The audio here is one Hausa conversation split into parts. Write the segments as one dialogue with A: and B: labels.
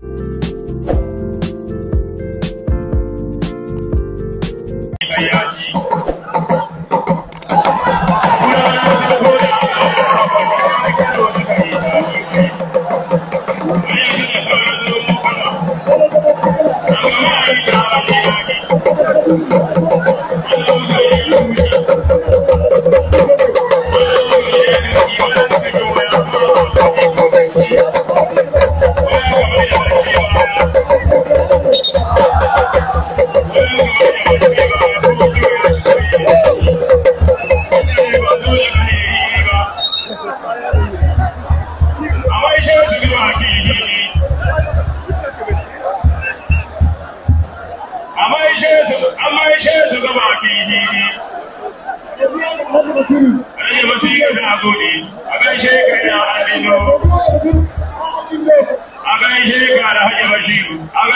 A: Música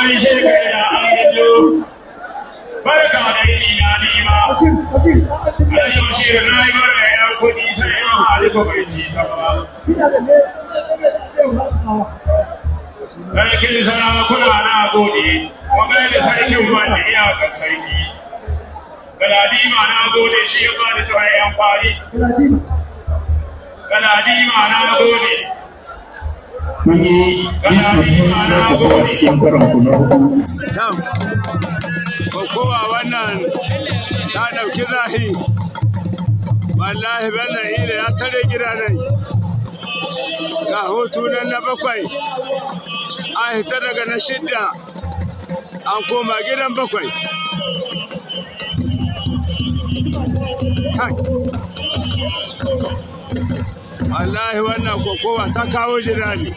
B: an shekara an na
A: nima a yau shi na bai ci sama Sarkin na
B: gode, magana da sarkin shi ya ba da tuwa na gode, kun yi biyu
A: na kokowa cikin na
B: wannan ta ɗauki zahi. Wallahi Bello Ile ya tare gida nai. Ga hutu na bakwai. An hita daga na shidda. An koma gidan bakwai. wallahi wannan kokowa ta kawo jirani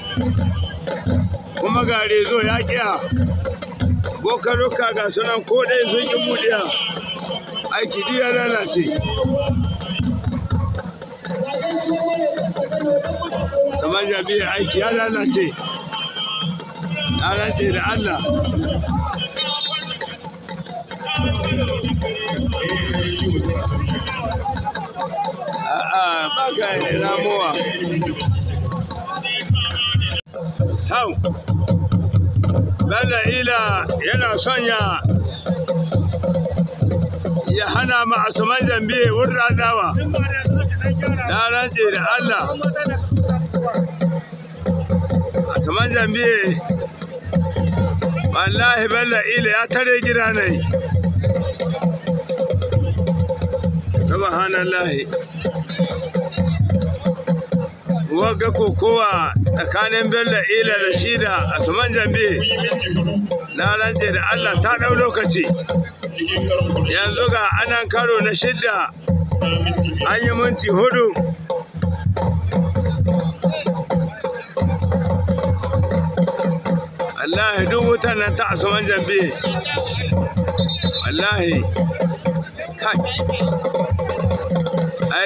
B: kuma ga rezo ya kiya bokaruka ga sunan ko dai sun yi budiya aiki diya lalace saman jami'a aiki ya lalace lalace da allah Thank you. a'a ramuwa hau Ila yana son ya hana ma asuman zambi wurin dawa na rantse da Allah asuman zambi wallahi balla Ila ya tare gida ne subhanallahi wagga kokowa tsakanin bello ila da shi da asuman jambe na rance da allah ta ɗau lokaci yanzu ga anan karo na shida an yi minti hudu Allahi duk wutan nan ta asuman jambe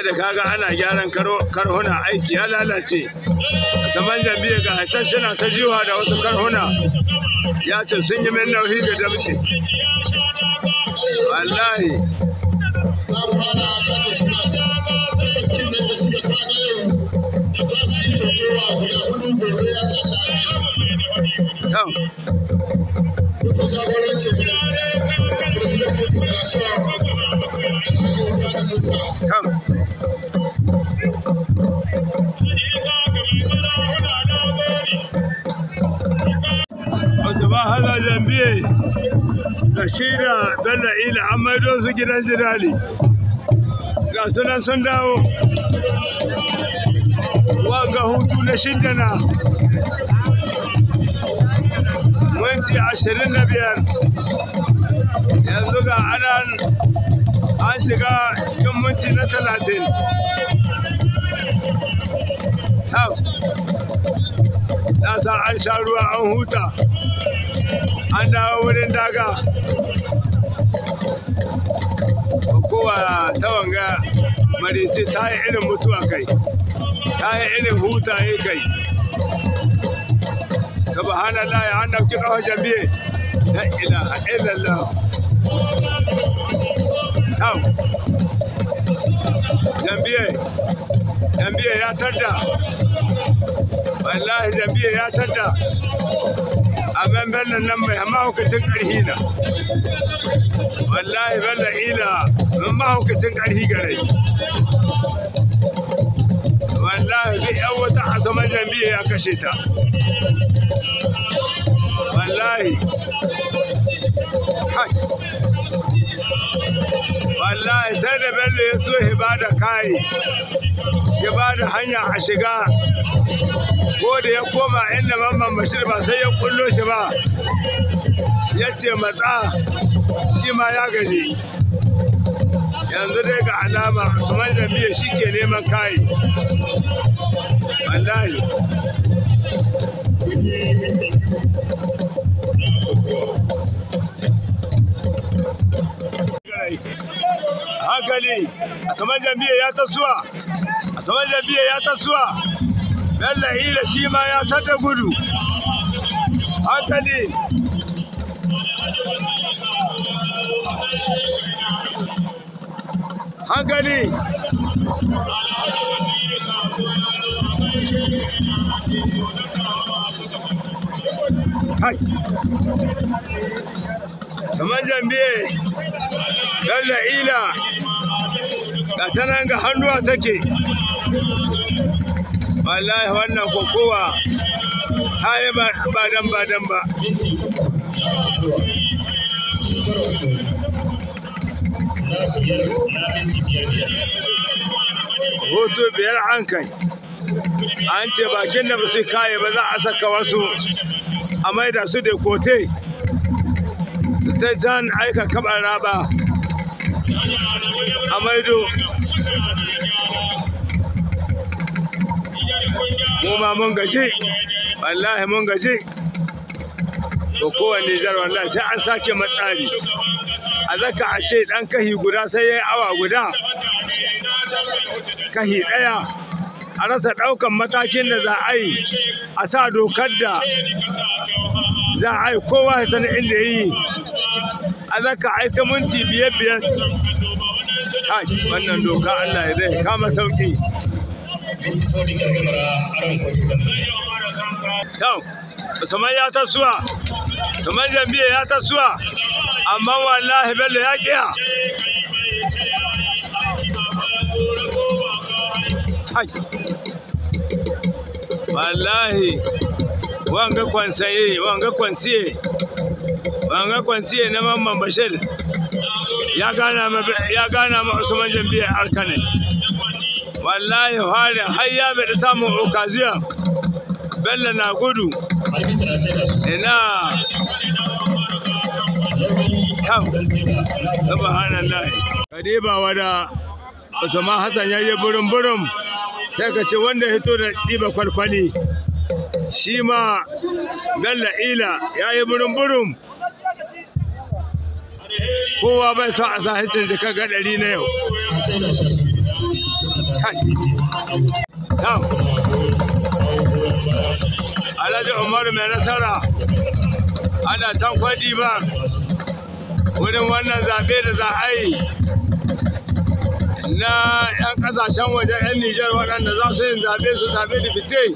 B: amma da kaga ana gyaran karhuna aiki ya lalace saman zambiya ga can suna ta jiwa da wasu karhuna ya ce sun yi min nauyi da damce wallahi
A: Bisa shagorancin Presidential Federation Usman Hassan
B: Zambiye da shi da Ila an su gidan Zidali. Ga sunan sun dawo. Wanga hutu na shidda na ashirin na biyar. Yanzu ga anan an shiga cikin minti na talatin na sa an sha ruwa an huta an dawo wurin daga kowa ta wanga marici ta yi irin mutuwa kai ta yi irin huta yi kai hana ya an dauki kawo na ila a illallah out zambiya zambiya ya tadda wallahi zambiya ya tadda nan mai mahaukacin na wallahi bellan ina mun mahaukacin ƙarhi gare wallahi duk yan wata asaman ya kashe ta wallahi ya sai da bello ya zo ya bada kai ya bada hanya a shiga ko da ya koma inda mamman bashir ba sai ya kullo shi ba ya ce matsa shi ma ya gaji yanzu dai ga alama usman jami'a shi ke neman kai wallahi a saman jambiya ya ta suwa a saman jambiya ya ta suwa lallahi da shi ma ya ta ta gudu hankali hankali Hai.
A: Saman jambiye,
B: bello la'ila, ga ta nan ga hannuwa take wallahi wannan kokowa ta yi ba dan ba dan biyar an an ce bakin da basu su kaye ba za a saka wasu a da su da kote ta jan aika kaɓar raba a maido mu ma mun gashi wallahi mun gashi to wanne jar wallahi sai an sake matsari a zaka a ce dan kahi guda sai yayi awa guda kahi daya a rasa daukan matakin da za a yi a sa dokar da za a yi kowa ya sani inda yi a zaka ta minti biyar biyar kai wannan doka Allah ya zai kama sauki Tau, Usman ya tasuwa, Usman Jambiya ya tasuwa, amma wallahi Bello ya kiya. wallahi, wanga kwansaye, wanga kwansiye, wanga kwansiye na mamman Bashir. ya gana ma ya gana ma Usman Jambiya Arkane wallahi hari har ya bai samu okaziya Bello na gudu ina kam subhanallah kadiba wada Usman Hassan yayi burum burum sai ka ce wanda ya hito da diba kwalkwali shi ma Bello Ila ya yi burum burum kowa bai son a sahicin jika ga ɗari na yau Alhaji Umaru mai nasara ana can kwadi ba wurin wannan zaɓe da za a yi na 'yan ƙasashen waje 'yan Nijar waɗanda za su yin zaɓe su zaɓe da fitai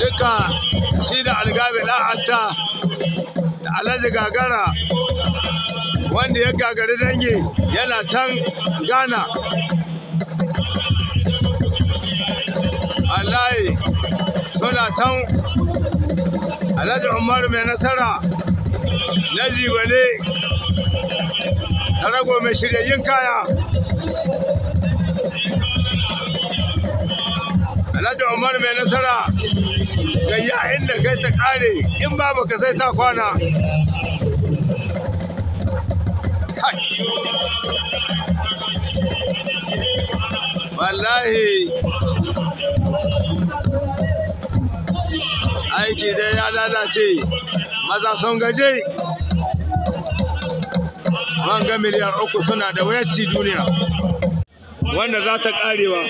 B: duka shi da algabe ɗan hatta alhaji gagara wanda ya gagari dangi yana can ghana wallahi suna can alhaji umaru mai nasara na jibale na rago mai shiryayyun kaya alhaji umaru mai nasara gayya inda kai ta kare in ba baka sai ta kwana wallahi aiki dai ya lalace maza sun gaje ga miliyar uku suna da wayar duniya wanda za ta karewa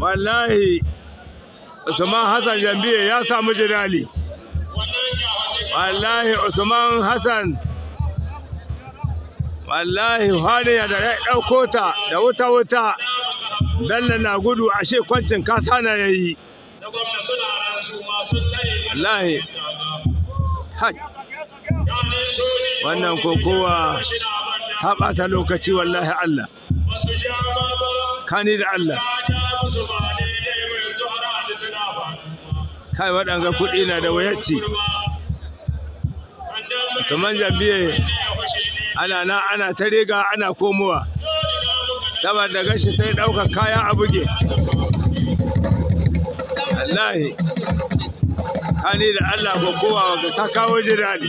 B: wallahi usman hassan jambiya ya samu jirali wallahi usman hassan wallahi haniya da ya ɗauko ta da wuta-wuta bello na gudu ashe kwancin kasa na ya yi wallahi wannan kokowa ta lokaci wallahi allah kani da Allah kai waɗanga kuɗi na da wayaci
A: musamman jabiye
B: ana na ana ta riga ana komowa saboda gashi ta yi ɗaukar kaya a buge wallahi kani da Allah ko kowa ta kawo jirali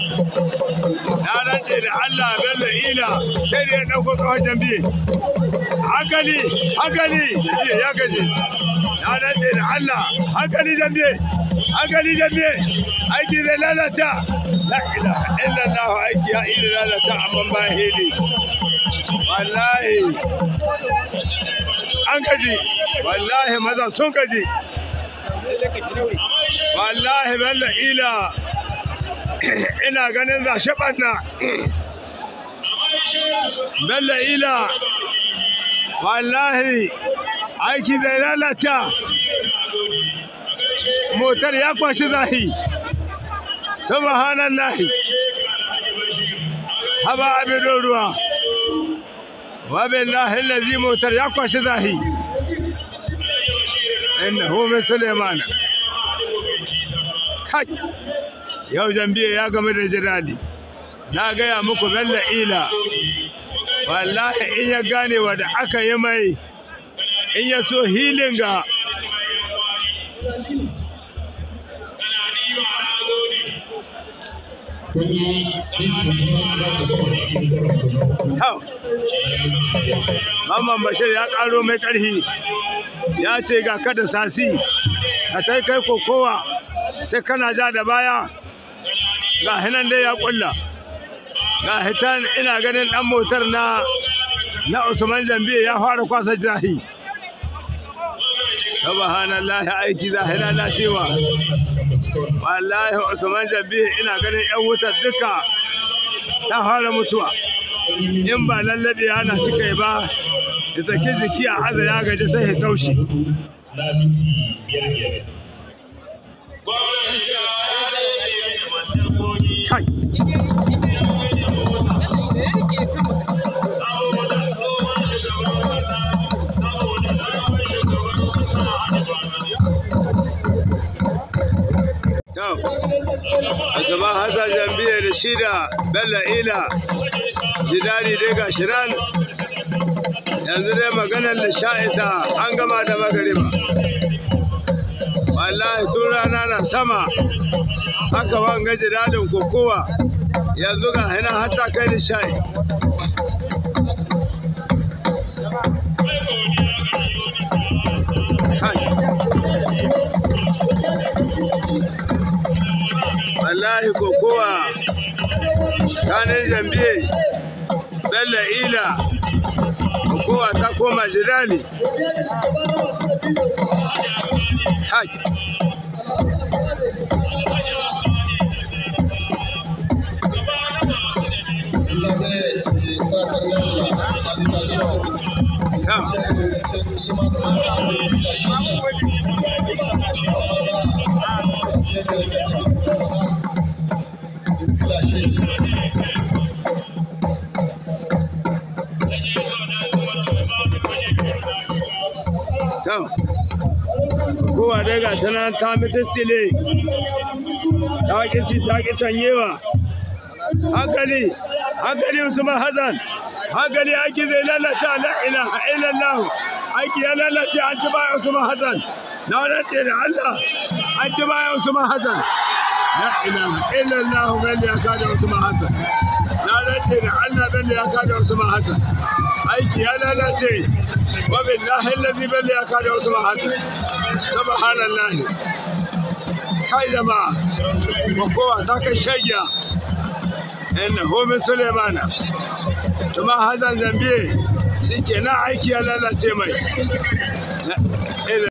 B: rantse da Allah bello ila sai da ya tsawon hankali hankali ya gaji da Allah hankali hankali aiki zai lalata la ilaha aiki ya lalata amma ba hili wallahi an gaji wallahi maza sun gaji wallahi bello ila ina ganin za shi ɓanna
A: bello ila
B: wallahi aiki zai lalata
A: motar ya kwashi zahi subhanallahi haba abin ruwa
B: وبالله motar ya kwashi zahi إنه من سليمان كي yau jambiya ya game da jirali na gaya muku zalla ila
A: wallahi in ya gane
B: da aka yi mai in ya so hilin ga Mamman Bashir ya ƙaro mai ƙarfi ya ce ga kada sasi ka kai kokowa sai kana ja da baya ga hinan dai ya kulla ga hitan ina ganin dan motar na na Usman Zambiya ya fara kwasa jahi subhanallah aiki zahira na cewa wallahi Usman Zambiya ina ganin yan wutar duka ta fara mutuwa in ba lallabe ana shi kai ba da tsaki jiki a haza ya gaji sai ya taushe.
A: azaba hasa jambiya
B: da shida bello ila jidari dai ga shiran yanzu dai maganar sha'ita an gama da magariba wallahi tun rana na sama haka wanga jidalin kokowa yanzu ga hina hata kai da Thank abdullahi kokowa kanin zambiye bello ila kokowa ta koma jirali hajj Yeah. tana ta mutu ta mitsitsile ta kici ta ki canyewa hankali hankali usman hazan hankali aiki zai lalace a a ilan lahu aiki ya lalace an ci baya usman hazan na rantse da allah an ci baya usman hazan a ilan lahu bello ya kada usman hazan na rantse da allah bello ya kada usman hazan aiki ya lalace wa billahi lazi bello ya kada usman hazan subhanallah kai zama makowa ta kai shagiya inna homin sulemana tuma hazan zambiye shi ke aiki ya lalace mai